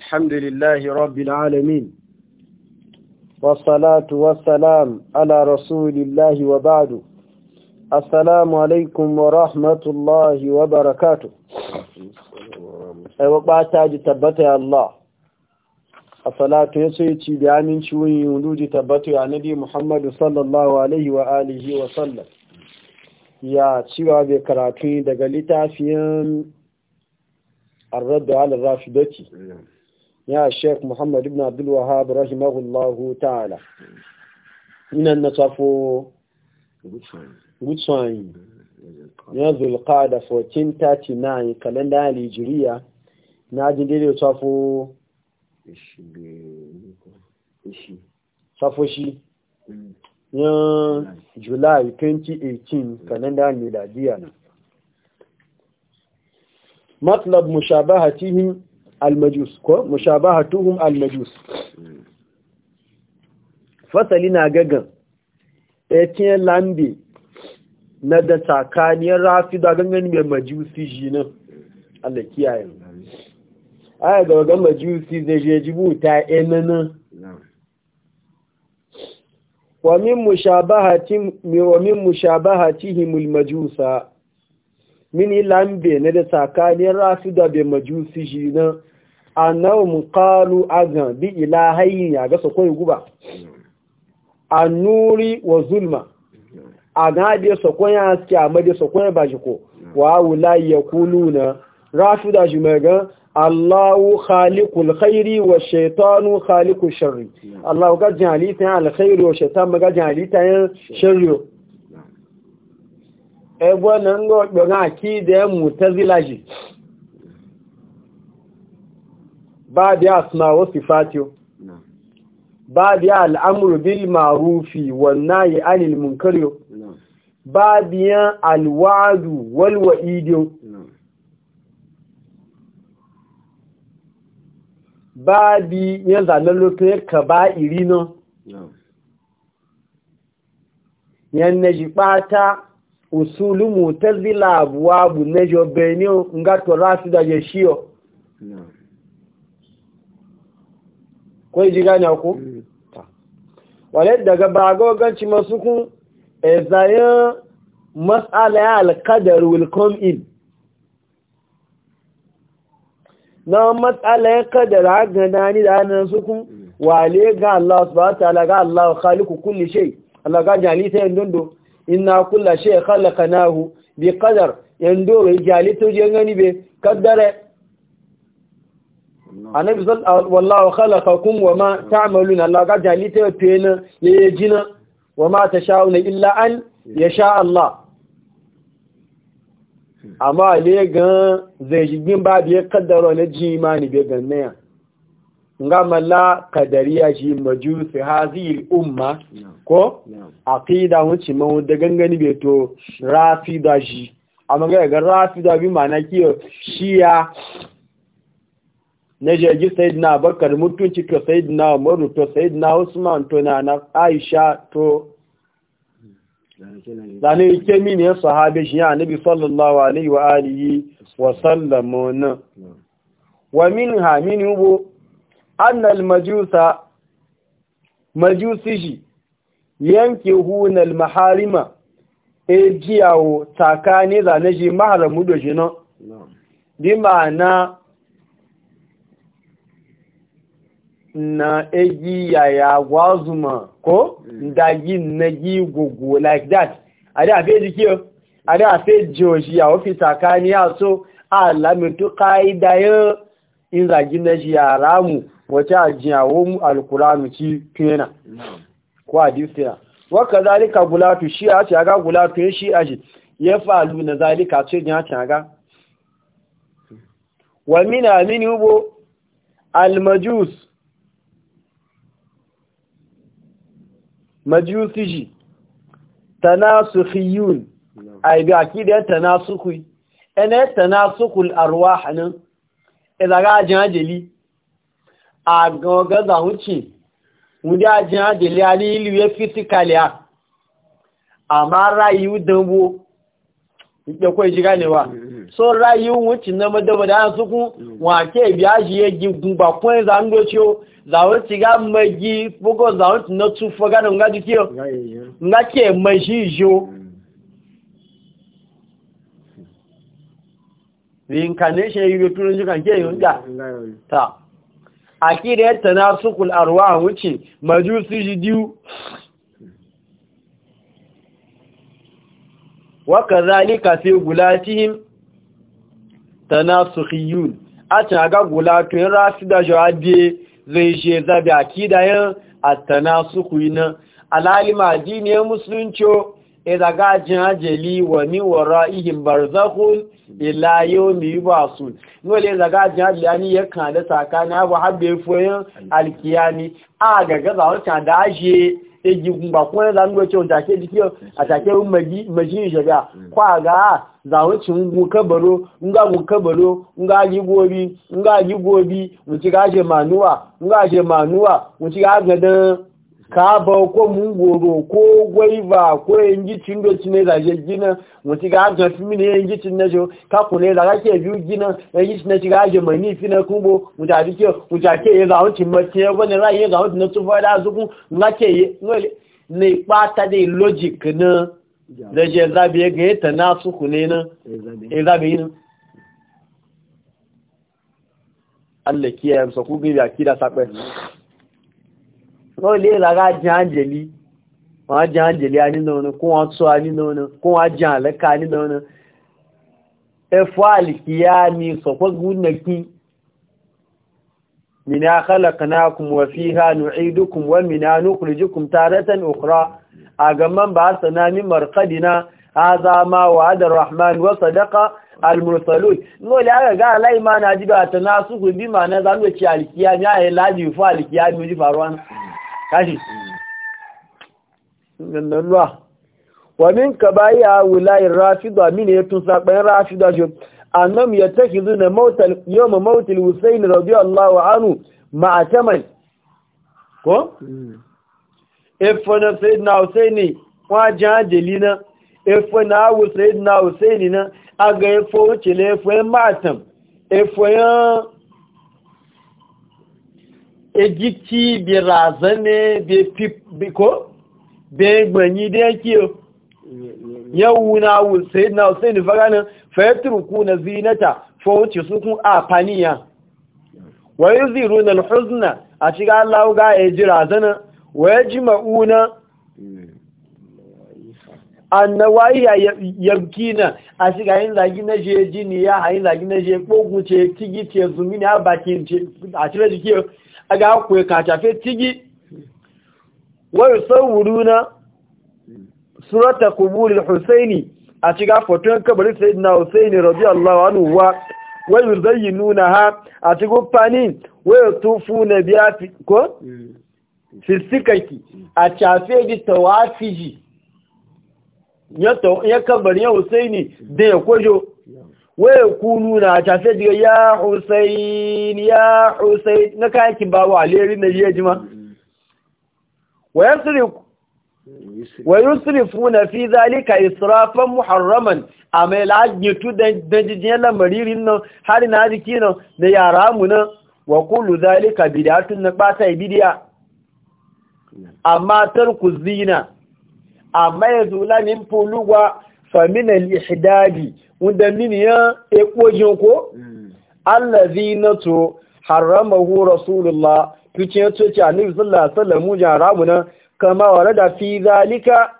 الحمد لله رب العالمين والصلاة والسلام على رسول الله وبعد السلام عليكم ورحمة الله وبركاته وقعتا جتبت يا الله الصلاة يسيتي بعامين شوي ولود تبت يا نبي محمد صلى الله عليه وآله وسلم يا شوى بكراتين دقلتا فيهم الرد على الرافدة ya sheik muhammad ibn abdul wahab rahimahullahu ta'ala ina na safo gutsuwayin ya zulka da 1439 kalenda alijiriya na ajin daidai safo safo shi yan july 2018 kalenda miladiya matlab mushabahatihin almajus ko mushabahatuhum almajus fasali na gagan etin lambi. na da rafi rafida gangan mai majusi shi nan Allah kiyaye aya ga ga majusi zai je ta enana wa min mushabahati wa min mushabahatihim almajusa mini lambe na da tsakanin da bai majusi shi na annawun kalu agan bi ilahayi ya gasa kwai guba annuri wa zulma a gade sakon ya haske a made sakon ya bajiko wa wula ya kulu na rafida shi mai gan allahu khaliqul khairi wa shaitanu khaliqul sharri allahu gajin halitta yan alkhairi wa shaitan magajin halitta yan sharri ẹgbọ́ na ń gọ́ọ̀pẹ̀ náà kí ìdẹ́ mú al'amuru bil marufi wannan yi anil munkariyo bá biyan walwa idiyo bá zanen lokacin ka ba iri yan na ji usulu mutazila abwabu nejo benio ngato da yeshio no. Hmm. ko yi gane ku mm. wale daga bago ganci masu kun e zayen matsala ya alkadar will come in na matsala ya kadara gana ni da hannun suku, hmm. wale ga Allah subhanahu wa ta'ala ga Allah khaliqu kulli shay Allah ga jali sai dondo inna kulla shay khalaqnahu bi qadar yandoro jali to je ngani be kaddare anabi sallallahu wallahu khalaqakum wama ta'maluna Allah ga jali to tena ye jina wama tashauna illa an yasha Allah amma le gan zai jigin ba biye kaddaro na jimani be ganna ngama la kadariya shi majusi hazir umma ko aqida wuce mu da gangani be to rafida shi amma ga ga rafida bi mana kiyo shiya na ji sayyidina bakar mutunci ka sayyidina umar to sayyidina usman to na na aisha to zane yake mini ya sahabe shi annabi sallallahu alaihi wa alihi wa sallam wa minha min yubu annal majusa majusishi yanke hunal maharima e jiyawo tsakani zane shi maharamu da shi nan bi ma'ana na egi yaya gwazuma ko dagi nagi gogo like that a da fe jiki a da fe shi ya fi tsakani ya so a lamitu ka'idayen in zagi na shi ya ramu wace ajiyawo alkuranu ci tuna ko hadisiya waka zalika gulatu shi a ce aga gulatu ya shi a ji ya falu na zalika ce ya ce aga wa mina min yubo almajus majusi ji tanasukhiyun ai bi akida tanasukhi ana tanasukul arwah nan idan ga jajeli agangan zahun ci wunde ajin adele ali ilu ya fisikali a amma rayu dambo ikpekwe ji ganewa so rayu wuce na madabada an suku wake biya shi ya gigun bakwai zahun docio zahun ci ga magi bugo zahun ci na tufo ganin nga dukiyo nga ke mashi ijo reincarnation yi rotun jikan ke yi ta akida ya tanasukul arwa wuce majusi jidiyu waka zalika fi gulatihim tanasukhiyun a caga gulatun rasu da jawade zai she zabi akidayen a tanasukuyi na alalima ya musulunci إذا gajin ajali wa ni wara'ihim barzakhun ila yawmi yub'asun ngole idza gajin ajali ani yakan da sakana abu habbe foyin alkiyami a gaga za wata da aje ejigun ba kun da أتاكي ce wanda ke dikiyo atake maji maji shaga kabaro nga ngu kabaro nga ji gobi nga ji gobi mu ci gaje manuwa nga je manuwa mu ci gaje da. kaba ko mungoro ko gwaiva ko yangi cindo cine da je gina muti ga ga fimi ne yangi cinna jo ka ku ne ga ke ju gina yangi cinna ci ga je mani fina kubo muta dike muta ke ya zawo cin mace ko ne rai ya zawo na tufa da zuku ngake ngole ne pata de logic na da je zabe ga ta na su ku ne na e zabe ni Allah kiyaye sa ku ga ya kida sakwe mm. wọ́n lè rárá jẹ́ àjẹ̀lì wọ́n jẹ́ àjẹ́lì anínúrin kún wọ́n tó anínúrin kún wọ́n jẹ́ àlẹ́ka anínúrin ẹfọ́ àlìkìyà ni sọ̀pọ̀gún nẹ́kí mina khalaqnakum wa fiha nu'idukum wa mina nukhrijukum taratan ukhra agaman ba'athna min marqadina hadha ma wa'ada ar-rahman wa sadaqa al-mursalun no la ga lai na jiba tanasu bi ma zanu ci alkiya ya fu alkiya ji faruwa kashi nan ruwa wa min kabaiha wulai rafida min yatun saban rafida jo annam yattakhizuna mautal yawm mautil husayn radiyallahu anhu ma'ataman ko hmm. efona sayyidina husaini wa na efona awu sayyidina husaini na aga efo na efo ma'atam efo yan egipti bi razane bi pipiko bi gbanyi da yake yau na wulsai na wulsai ne faganin fayaturku na zinata wuce su kun a faniya wa ziru na alhuzna a shiga Allah ga ya ji razana waya ji ma'una annawai yabki na a shiga yin zagi na je jini ya hain zagi na je kogun ce tigi ce zumi a bakin ce a cire jiki. aga akwai kacafe tigi wani saururu na surata kuburin husaini a ciga foton kabarin na husaini radiyallahu anhu wa wani zai nuna ha a cikin fani wani tufu na biya ko? Hmm. fisikaki a cafe di tawafiji ya kabarin husaini hmm. da ya kwajo Wai Kulu na tafiya ya xusainiya kusai na kai kin bawa alheri na jihar jimawa? Wayusirifku na fiye da alika a israfan muharaman amma yana da yadda da maririn nan har yana da kina da yaran mu na. Wa Kulu da alika na ɓata ya biya? -A matan Kuzina. -A maye famina lihdabi wanda min ya ekojin ko allazi na to harama hu rasulullah kicin to ci annabi sallallahu alaihi wasallam mu jaramu na kama warada fi zalika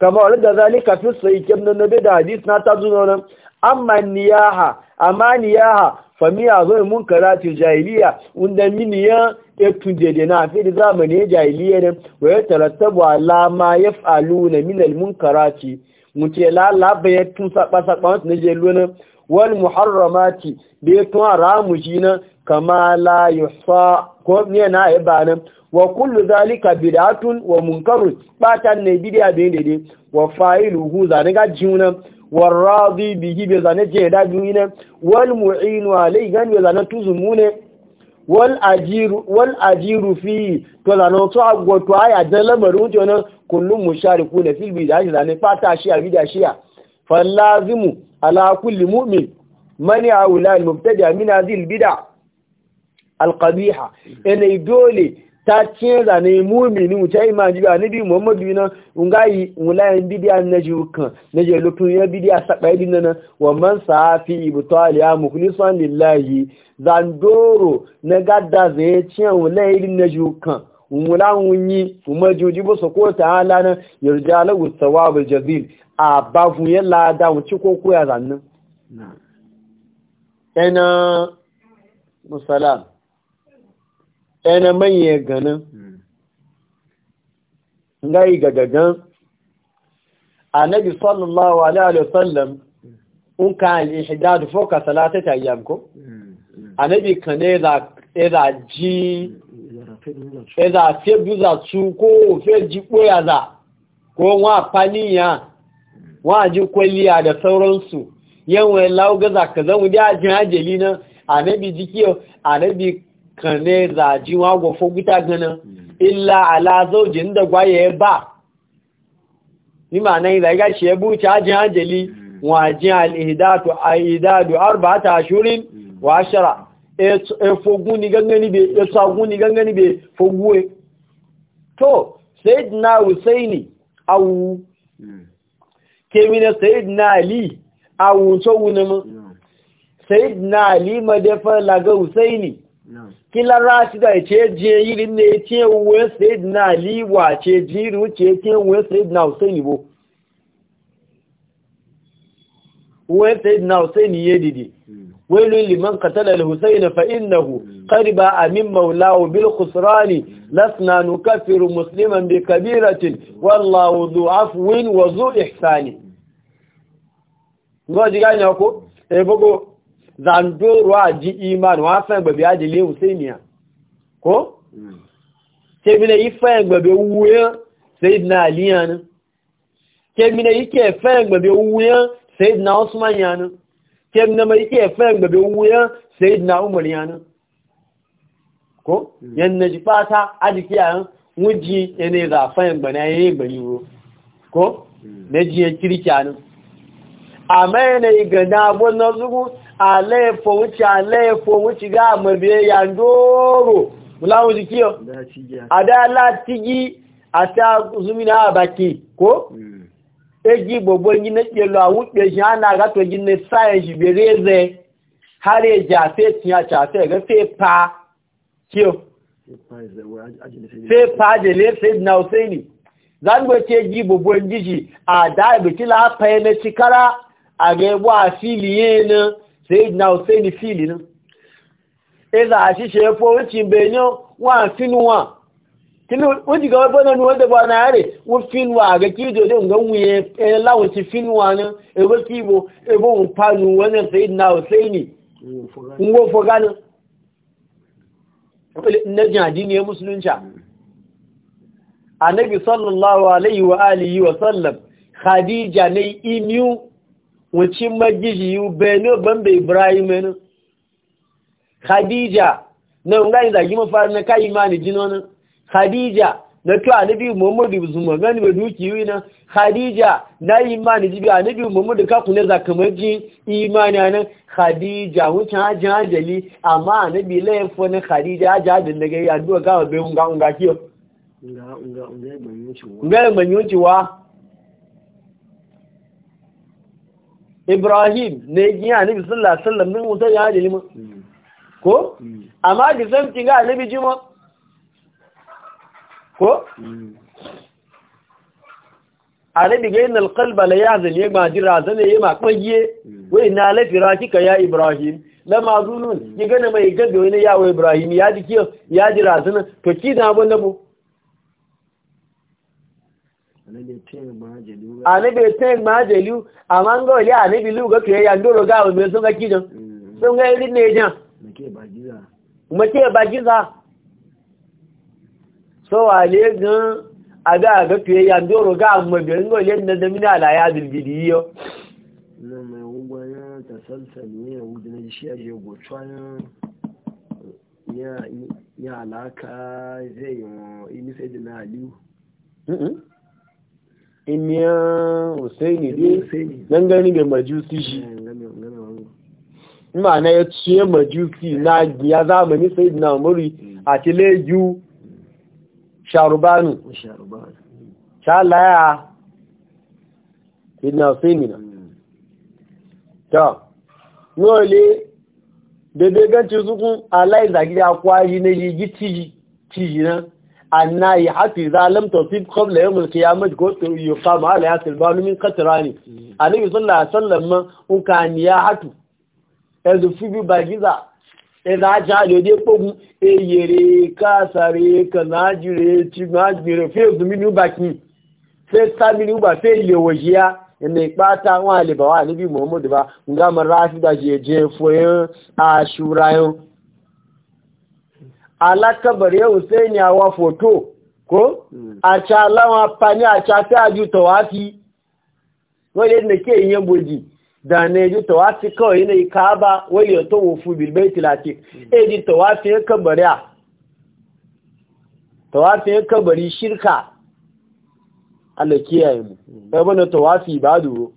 kama warada zalika fi sahih ibn nabi da hadith na ta zuno nan amma niyaha amma niyaha famiya zo e mun karatu jahiliya wanda mini ya etu dede na fi da zamani jahiliya ne wa ya tarattabu ya ma na min al munkarati mun ce la la tun saba saba wasu na jelo ne wal muharramati ya tun haramu shi na kama la yusa ko ne na ya ba na wa kullu zalika bid'atun wa munkarun batan ne bidiya bai dede wa fa'iluhu ga jiuna والراضي به بزانه جهدا جوينه والمعين عليه غن بزانه تزمونه والاجير والاجير فيه تولانو تو اغوتو اي اجل مرو جونا كل مشارك في البيت هذه زانه فاتا شيا بيد شيا فلازم على كل مؤمن من يعول المبتدع من هذه البدع القبيحه ان يدولي ta ce zane mumini mu cai ma jiba ni bi muhammadu na ungayi mulayan bidiya na jukan na je lutun ya a sabai din nan wa man safi ibtali ya mukhlisan lillahi zandoro na gadda zai ce mulayan din na jukan mula munyi kuma juji bu ko ta'ala na yarja lahu thawabul jazil a ba fu ya lada mu ci ko koya zannin na ina musalam ɗana manyan ganin hmm. yi ga gagan annabi sallallahu alaihi sallam un ka fo ka foka ta ayyam ko hmm. hmm. annabi kane da era ji era fe buza tu ko fe ji koya za ko wa paniya wa ji kwaliya da sauransu yawan lauga za ka zan wuri ajin ajeli na annabi jikiyo annabi kane zaji wa gofo guta gana hmm. illa ala zaujin da gwaye ba ni ma nan da ga shi bu ta jin ajali hmm. wa jin al ihdatu aidadu arba'ata ashurin hmm. wa ashara e, e fogun ni gangani be e sagun ni gangani be foguwe to sayyidina husaini awu kemina sayyidina ali awu to wunama sayyidina ali madafa laga husaini kila rashi da ce je yiri ne ce uwe said na liwa ce jiru ce ce uwe said na usaini bo uwe na usaini ye didi hmm. wailu liman qatala al-husayn fa innahu hmm. qariba amin mawlahu bil khusrani hmm. lasna nukaffiru musliman bi kabiratin wallahu dhu afwin wa dhu ihsani ngoji ganyako e, zandoro a ji iman wa san gbabe aji le husainiya ko hmm. ke bi na yi fayin gbabe wuyan sayidina ali yana ke bi na yi ke fayin gbabe wuyan sayidina usman yana ke bi na mai ke fayin gbabe wuyan sayidina umar yana ko hmm. yan na ji fata aji kiyayen wuji yana za fayin gbana ya yi gbani ro ko na ji ya kirkiyanin a mai na yi gana abuwan na zugu alẹ́ẹ̀fọ́ ga alẹ́ẹ̀fọ́ wúnci gá àmọ̀bẹ̀ yàndóòrò láwọn a da ọ adá látígí àti azúmínà àbàkì kó ẹjí mm. e gbogbo yínà pẹ̀lú àwọn pẹ̀ṣẹ̀ àná àgátọ̀ yínà sáyẹ̀nsì bèèrè rẹ̀ hàrí ẹjà fẹ́ẹ̀tì àti ga e e fẹ́ pa kí ọ fẹ́ pa jẹ̀lẹ́ fẹ́ẹ̀dìnà òsẹ́ni zangbẹ̀tẹ̀ ẹjí gbogbo yínà àdá ìbẹ̀tí láàpẹ̀ẹ́ mẹ́tíkára àgẹ́gbọ́ àfíìlì yẹn náà sai na Hussein fili nan eza benyo wa finuwa kini wuji ga na da ba na yare wu finuwa ga kijo din ga wuye e lawunci finuwa nan e kibo e ba un panu wani sai na Hussein ngo fo gana na jadi ne musulunci annabi sallallahu alaihi wa alihi wa sallam khadija ne imiu wucin magiji yi benin bamba ibrahim yana khadija na ngani zagi mafari na kayi mani jinonin khadija na to anabi muhammadu zuma gani ba duki yi na khadija na imani jibi anabi muhammadu ka kuna zakamaji imani na khadija wucin hajji hajjali amma anabi laifin na khadija hajji hajji daga yi addu'a gawa bai hunga hunga kiyo nga nga nga wa ibrahim ne giya annabi sallallahu alaihi wasallam din wuta ya halima ko amma da san ki ga bi jima ko annabi ga inal qalba la yahzan ya ma jira zan ya ma kwaye wai na la kika ya ibrahim la mazunun ki gane mai gabe wani wa ibrahim ya ji ya jira zan to ki da na mu anabi ten ma jeliu amma ga wali anabi lu ga kai ya ndoro ga me sun ga kidan sun ga irin ne jan make bajiza make bajiza so wale gan aga ga kai ya ndoro ga amma ga ngo le nan da mina la ya bil bidiyo nan mai ugwa ya tasalsal ne ya wuce na shi ya je gochwa ya ya alaka zai yi ni sai na aliu imiya husaini dai don gani da majusi shi ma'ana eh, ya ciye majusi na ya zamani hmm. sai na muri a tileju sharubanu shalaya idina husaini na ta nole daidai ganci sukun alaizagiri akwari na yi ci na annayi hafi zalam tasib qabla yawm al-qiyamah ko yuqam ala yasil balu min qatrani alayhi sallallahu alaihi wasallam un kan ya hatu ezu fibi bagiza eza ja le de pogun eyere ka sare kanajire ti majire fe zuminu baki fe saminu ba fe lewojiya ne pata wa le ba wa ni bi muhammad ba ngam rafida je je foyan ashurayon alakabar yau sai ni awa foto ko a ca lawa fani a ca a ju tawafi wani yadda ke yi boji da na yi tawafi kawai yi ka ba wani yato wufu bilbai tilati e ji tawafi ya kabari a tawafi ya kabari shirka alakiya yi mu ya bane tawafi ba duro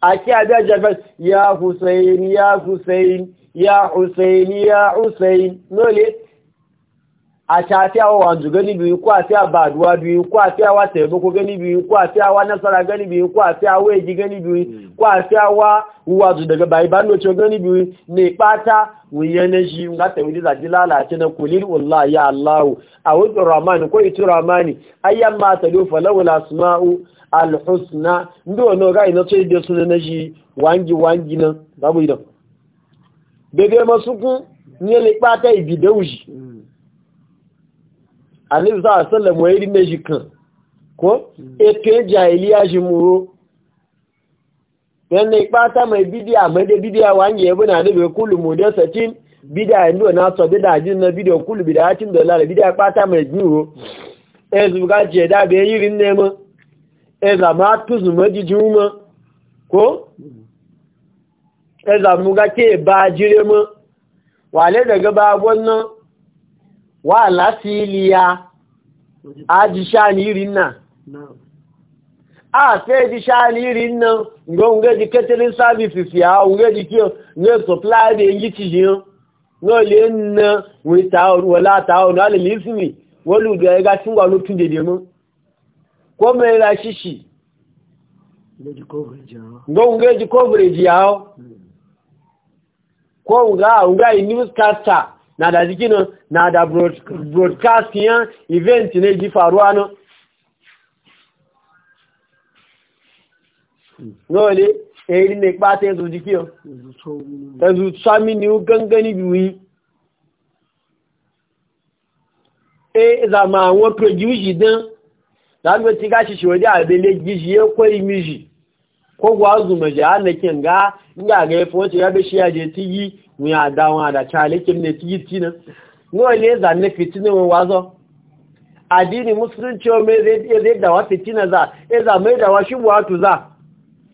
a ki a jajabar ya husain ya husain ya husaini ya husain nole àṣà àti àwọn àjùgẹ́ níbi ikú àti àbàdùwà bí ikú àti àwà tẹ̀gbókó gẹ́ níbi ikú àti àwà nására gẹ́ níbi ikú àti àwà èjì gẹ́ níbi ikú àti àwà wùwà àjùdẹ̀gẹ̀bà ìbánútí ọgẹ́ níbi ní pátá wùnyẹ́nẹ́ṣì na kò lírí wọ́n láàyà aláwò àwọn ìtò ramani kó ìtò ramani ayé máa tẹ̀lé daidai masukun ni le pata ibidauji ani za sallam wa irin ne kan ko ete jahiliya shi muro dan ne pata mai bidiya mai da bidiya wanje yabu na da kullu mudasatin bidiya ndo na so bidiya jin na bidiya kullu bidiyatin da lala bidiya pata mai juro e zuga je da be irin ne mu e zama tuzu majijuma ko ya zamu ga ke ba jire mu wale daga babon nan wa lasiliya a ji sha nirin nan a sai ji sha nirin nan ga unga ji catering services ya unga ji kiyo ne supply da yin gici jiyo no le na wi wala ta o na le lisimi wolu e ga ga tun wa lutun de de mu ko me la shishi ga unga ji coverage ya ko nga nga newscaster na da jikino na da broadcast yan event ne ji faruwa no nole eri ne pa te zu jikio ezu sami ni gangani biwi e, e za ma won produce dan da gbe ti ga sisi o ja abele ji e ji ya ko imiji ko na kin ga inga ga yafi wace ya shi ya je tiyi mu ya dawo da chalekin ne tiyi tina no ne zanne fitina wa wazo addini musulunci wa mai zai zai da wa fitina za ya za mai da wa shubwa tu za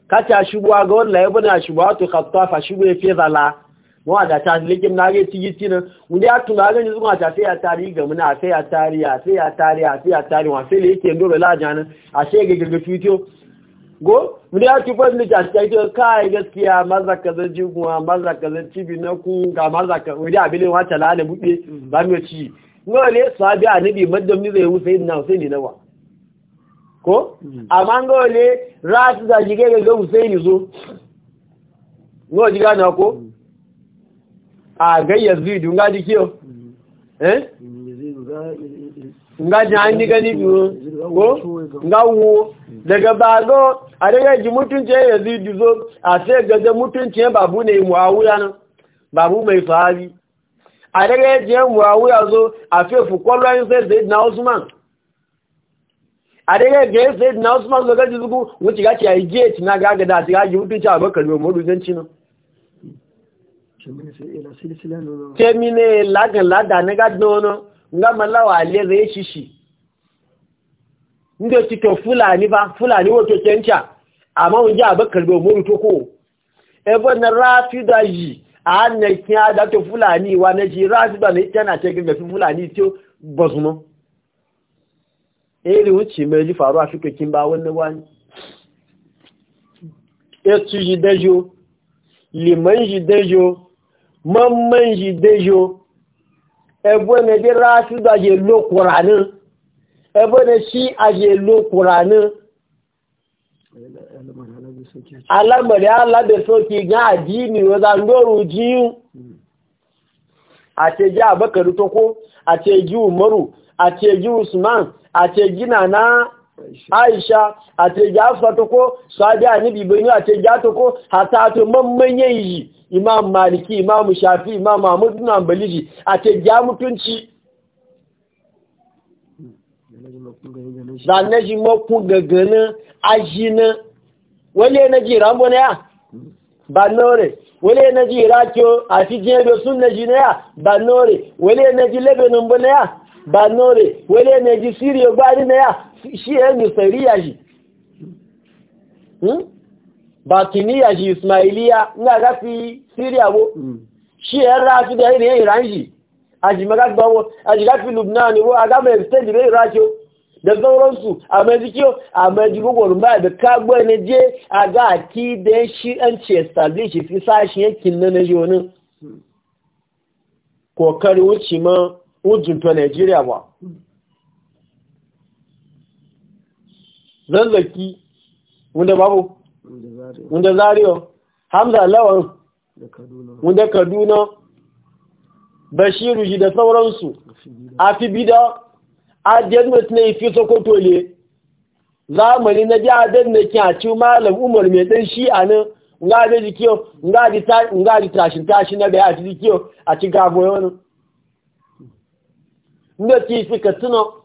kacha shubwa ga wallahi ibn shubwa tu khattafa ya fi zala wa da chalekin na ga tiyi tina mu ya tuna na ga ni zuwa ta sai ya tari ga muna sai ya tari a sai ya tari a sai ya tari wa sai yake ndoro la a sai ga gaga fitiyo go muri ya kifar ni ta ta ita kai gaskiya maza kaza kuma maza kaza ci na ku ga maza ka wuri abilin wata lana buɗe mm. ba mu ci no ne sahabi annabi maddam ni zai husaini na husaini ne wa ko mm. amma ngo ne rat da jige ga husaini zo ji ga na ko mm. a ga ga nga kiyo eh nga jani gani ko nga daga bago a daga ji mutunci ya zidu zo a sai gaza mutunci ya babu ne muawuya nan babu mai sahabi a daga ya jiyan muawuya zo a fi fukwallon sai zai na usman a daga ga ya sai na usman zo gaji zuku wuce gaci ya yi gate na gaga da ta gaji mutunci a bakar yau madu zanci nan kemine lagan lada na gadi na wani nga malawa ale zai shishi inda cikin fulani ba fulani wato kenca amma wunji abakar bai muru to ko ebon na rafida yi a hannun kiya da ta fulani wa na ji rafida na tana ta gaggafi fulani ta bazuma eri wuce mai ji faruwa suka kin ba wannan wani etu ji dajo liman ji dajo mamman ji dajo ebon na ji rafida je lokuranin ebe ne shi aje lo ƙuranin alamari alabe soke gan adini wazandoru jiyu a teji abakaru toko a teji umaru a teji usman a teji nana aisha a teji afa toko sabi anibi benin a teji atoko hata to mamman imam maliki imam shafi imam mahmud na ambaliji a teji mutunci zane shi maku gagana aji na wale na ji rambo na ya ba nore wale na ji rakiyo a fi jiya da sun na ji na ya ba nore wale na ji lebanon bu na ya ba nore wale na ji siriya gwari na ya shi e ya hmm? nusariya hmm. shi batiniya e shi ismailiya ina gafi siriya bu shi ya rafi da irin e iran shi ajimagat ba wo ajigat fi lubnani wo aga mai extend bai rajo da sauransu a mai zikiyo a mai jigo gwarin baya da kagbo na je a ga a ti da shi an ce establish fi sa shi yankin na na jonin kokari wuce ma wujin to nigeria ba zanzaki wanda babu wanda zariyo hamza lawan wanda kaduna bashiru ji da sauransu a fi bida a jazmat na ifi sokoto ne zamani na ji don na ki a ci malam umar mai ɗan shi a nan nga da jikiyo nga da tashin tashin na da ya ci jikiyo a ci gabo yawon nga ci fi ka tuno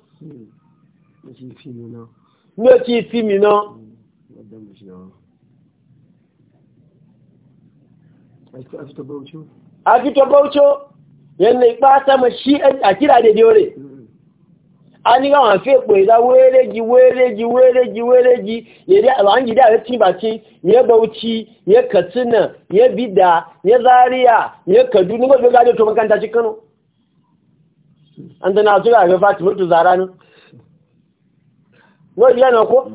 nga ci fi mino a fito baucho yẹnna ipá sámọ̀ sí da dédé orè a ní káwọn fẹ́ pè ìdá wéréjì wéréjì wéréjì wéréjì yẹ̀dí àwọnjìdí àwẹ́ tí bàtí yẹ́ bauchi yẹ́ katsina yẹ́ bida yẹ́ zaria yẹ́ kadu ní gbogbo gajọ kano an ga zara ni. na ko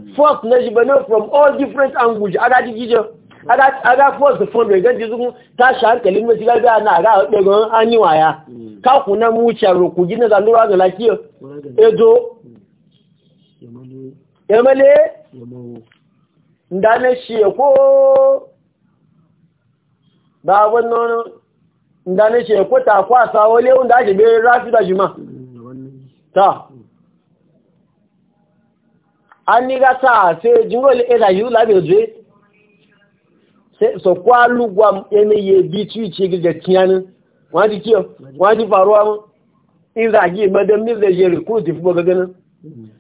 na from all different angles aga force the phone ga jizu ta sha hankalin mu shiga ga mm. na ga da gon anyuwa ya ka gina da lura ga lafiya edo yamale ndane shi ko ba ndane shi ko ta kwasa wale unda ake be rafi da juma mm, ta an ni ga sai jingole eda eh, yu labe so kwalu gwam yanayi bi ci ce ga tiyanin wani kiyo wani faruwa mu in madam madan mil jeri ko ti fubo gaga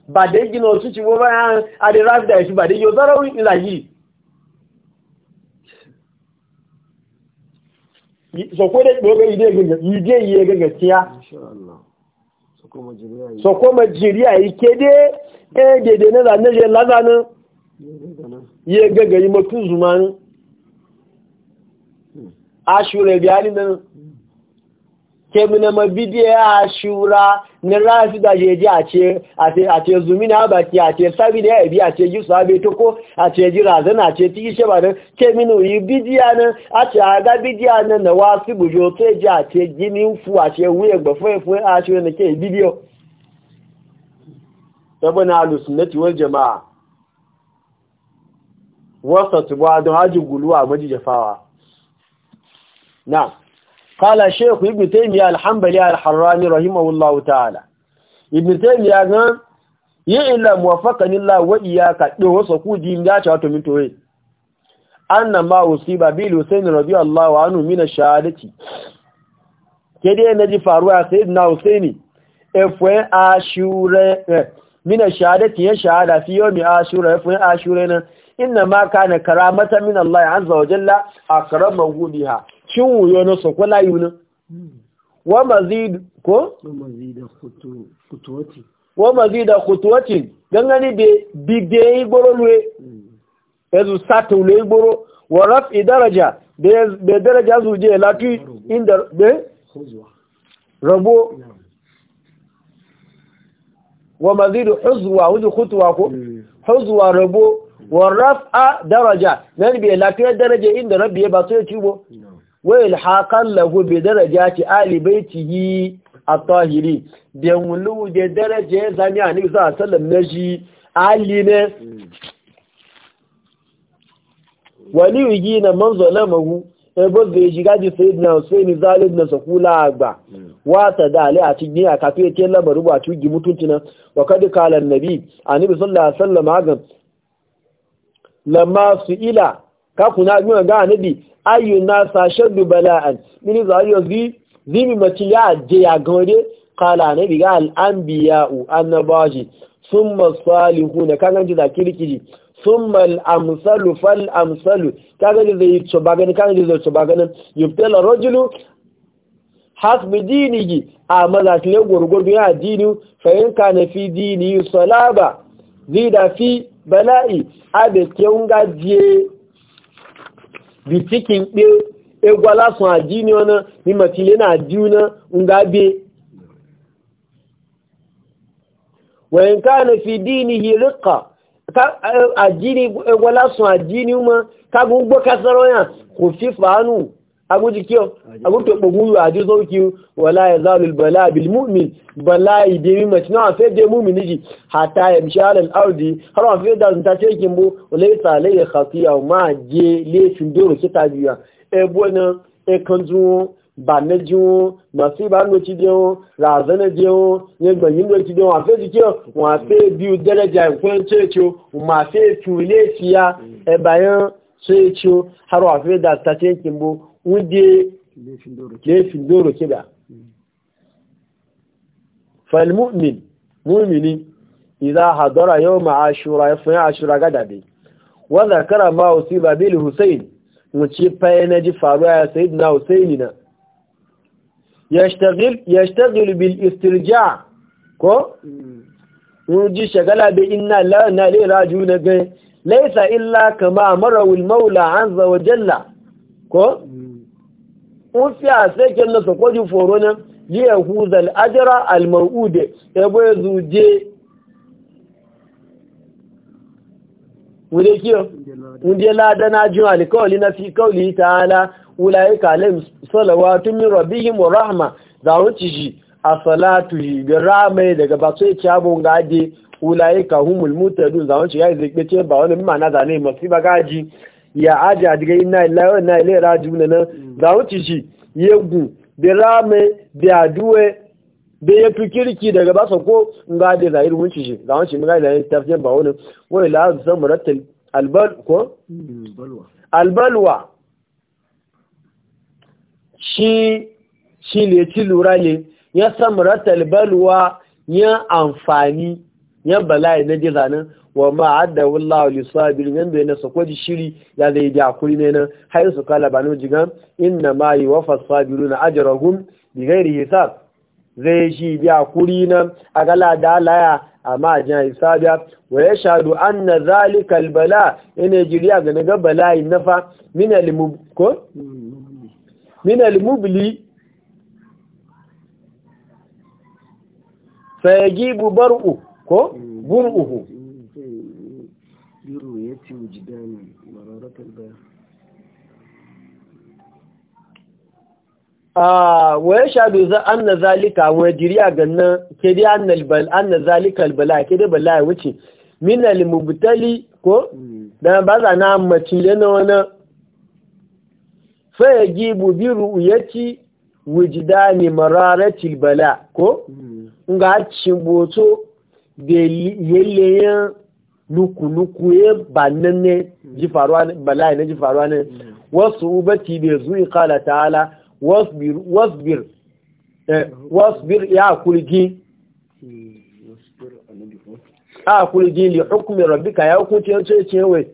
ba de yi na su ci ba a da rafi da shi ba da yi zara wani in zagi so ko da doga ide ga ide yi ga gaskiya so ko majiriya yi kede eh dede na zanen je lazanin ye gaga yi matu zumanin ashura biyani nan ke muna mabidiya ashura na rafi da jeji a ce a ce zumi na baki a ce sabi da yabi a ce yi sabi to ko a ce ji razana a ce tiki sheba nan ke minu yi bidiya nan a ce a ga bidiya nan na wasu bujo to ji a ce gini fu a ce wuye gbafe fu a ce na ke bidiyo tabana alusunnati wal jama'a wasa tuba don haji guluwa maji jafawa na kala sheku ibi taimiya alhambali alharrani rahimahullahu ta'ala ibi taimiya ga yi ila muwafaka nila wadi ya kaɗi wasu kuji ya ce wato mintoye an na ma wasu ba bi ilu sai ni hannu mina shahadaki kede na ji faru a sai na wasu ne efe a shure e eh, mina shahadaki ya shahada fi yau mi a shure efe a shure nan ina ma ka na karamata mina Allah ya a karamar hudu cin wuyo na so ko layu na wa mazid ko wa mazid khutuwati gangani be bide yi lue ya zu lwe ezu satu yi igboro wa raf'i daraja be daraja zuje je latu inda be rabo wa mazid huzuwa wuzi kutuwa ko hmm. huzuwa rabo wa a daraja nan be latu daraja inda rabi ya ba su ya cibo wa ilhaqan lahu bi darajati ali baitihi at-tahiri da wulu da daraja ya zani annabi a alaihi na shi ali ne wani wigi na man zalamahu ebo zai shiga ji sai na sai ni zalib na sakula agba wata da ali a cikin a kafe ke lamarin ba ci gi mutunci nan wa kad kala annabi annabi sallallahu alaihi wasallam hagan lamma su ila kakuna gina ga anabi ayu na sashen dubala'an mini za yi zi zibi mace ya je ya gaure kala anabi ga al'ambiya'u annabaji sun masalihu na kaganci da kirkiri sun mal'amsalu fal'amsalu kaganci da yi cobagani kaganci da cobagani yuftela rojulu hasbi dinihi a mazakilin gwargwado ya dini fahimka na fi dini salaba zida fi bala'i a da ke gajiye bitikin cikin ɗin egwala sun aji ne wani ni matile na aji wani ngabe wayan ka na eh, fi dini hirika aji ne egwala sun aji ne ma kagun gbokasar wayan ku fi fanu aguji kiyo aguto buguyu aji zoki wala yazalul bala bil mu'min bala idi mace na fa de mu'mini Hata hatta yamshal al ardi har wa fa da ta ce kin bu laysa lay khatiya ma je le tun doro ki ta biya e bona e kanzu ba na ji wo ma fi ba no ci de wo ra zana je wo ye gba yin do ci de wa fa ji kiyo wa fa bi u daraja ko ce ce ma fa tu le ciya e bayan sai ciyo har wa da ta ce kin bu wuje laifin doro da. falmu'min mumini idza hadara ma ashura yafi ashura gadabe wanda kara ma usiba mu ci faye na ji faruwa ya na na yashtagil yashtagil bil istirja ko wuji mm. shagala bai ina na raju na ga Laisa illa kama marawul maula azza ko mm. un fi a sakin na sakwadi foro nan liya huzal ajira almar'ude ya bai zuje wule kiyo lada na jin alikawali na fi kawali ta'ala wulaye kalim salawatun yi rabihim mu rahama, za wuce shi a salatu shi ga ramai daga ba sai cabon gaje wulaye mulmuta dun za wuce ya yi zikpe ce ba wani mana zane masu ba gaji ya aji adiga ina ilayi wa ina ilayi raju na nan mm. za wuce shi yegu da rame da aduwe da ya fi kirki daga sa ko nga da zahir wuce shi za wuce mga ilayi tafiyan ba wani wani la'azu san murattal albal ko? Mm, albalwa shi shi ne ci lura ne ya san murattal balwa ya amfani ya bala'i na jizanin wa ma adda wallahu li sabir nan bai nasa kwaji shiri ya zai da akuri ne nan har su kala banu jigan inna ma yuwaffa sabiruna ajrahum bi ghairi hisab zai shi da kuri nan agala da laya amma jan hisabiya wa ya shaɗu an na zalikal bala yana jiriya ga naga bala'i nafa minal mubli fayagibu bar'u ko bur'uhu يأتي وجدان مرارة البيان a waye shaɗu za an na zalika a jiriya ganin kiri an na zalika bala ya wuce mina limubutali ko da ba za na mace na wani faya gibu biru ya ci wujida ne mararacin bala ko ga cin boto da yalliyan nuku-nuku ya ba nan ne ji faruwa ne bala'i na ji faruwa ne wasu ubati bai zuwa kala hala wasu bir eh, ya kulgi a kulgi li hukumi rabbika ya hukunci yanci ce ce wai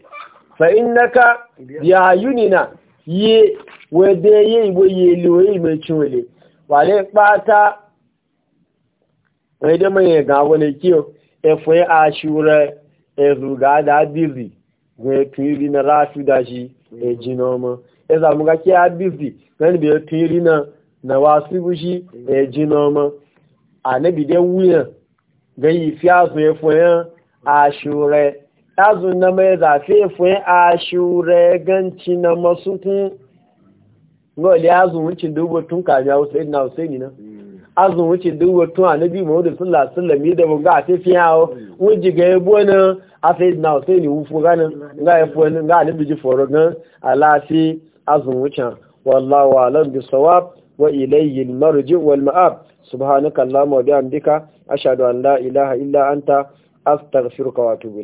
fa innaka ya yunina yi wede ya yi waye liwe mai cin wale pata wai da mai ga wani kiyo efo ya ashura ezu ga da bizi ga tuiri na rafi da shi e jinoma ya zamu ga kiya bizi nan bi tuiri na na wasu bushi e jinoma bi de wuya ga yi fiasu e foya ashure azu na mai zafe foya ashure ganci na masukun ngoli azu wucin dubu tun kaja Hussein na Hussein na azun wuce duk wato annabi Muhammad sallallahu alaihi wasallam da mun ga sai fiyawo wuji ga yabo na afai na sai ni wufu ga yabo na ga annabi ji foro gan alafi azun wuce wallahu alam bi sawab wa ilayhi marji wal ma'ab subhanaka allahumma wa bihamdika ashhadu an